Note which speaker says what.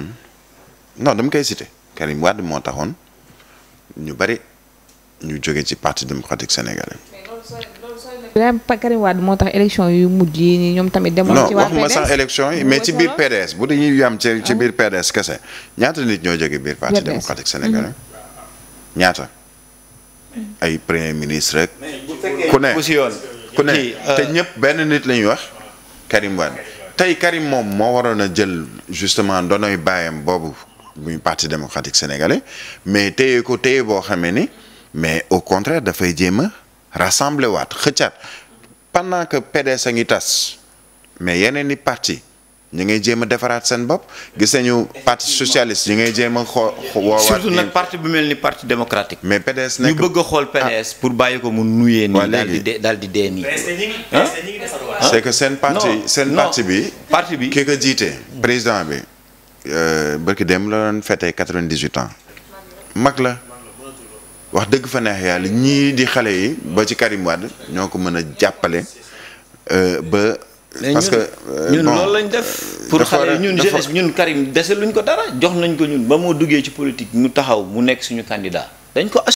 Speaker 1: Hmm? non dama koy cité Karim Wade moo taxoon ñu bari ñu jóge ci parti démocratique sénégalais.
Speaker 2: mais loolu sooy loolu Karim Wade moo tax élection yu mujj yi ñoom tamit. demoon ci waa PDS non waxuma sax élection yi mais ci biir
Speaker 1: PDS bu dañuy yu am ci ci ah. biir PDS kese ñaata nit ñoo jóge biir parti démocratique sénégalais ñaata. Mm-hmm. ay premier ministre ku ne ku ne euh, te ñëpp benn nit la ñuy wax Karim Wade. tey Karim moom moo waroon a jël justement doonoy baayam boobu muy parti démocratique sénégalais mais téye ko téye boo xamee ni mais au contraire dafay jéem a rassembler waat xëccaat pendant que PDS a ngi tas mais yeneen i parti ñu ngay jéem a defaraat seen bopp gis nañu
Speaker 2: parti socialiste ñu ngay jéem a xoo woowaat surtout parti bu mel ni parti démocratique. mais PDS nekk ñu bëgg xool PDS pour bàyyi ko mu nuyee nii. daal di dee daal di dee nii. c'est que seen parti seen parti bi. parti bi ki jiite. président bi
Speaker 1: euh, barki dem la doon fêté quatre-vingt-dix-huit ans. mag la wax dëgg fa neex yàlla ñii di xale yi ba ci Karim Wade ñoo ko mën a jàppale euh, ba. parce que euh, ñun loolu lañ
Speaker 2: def euh, pour xale ñun jeunesse bi ñun Karim dese luñ ko dara jox nañ ko ñun ba moo duggee ci politique ñu taxaw mu nekk suñu candidat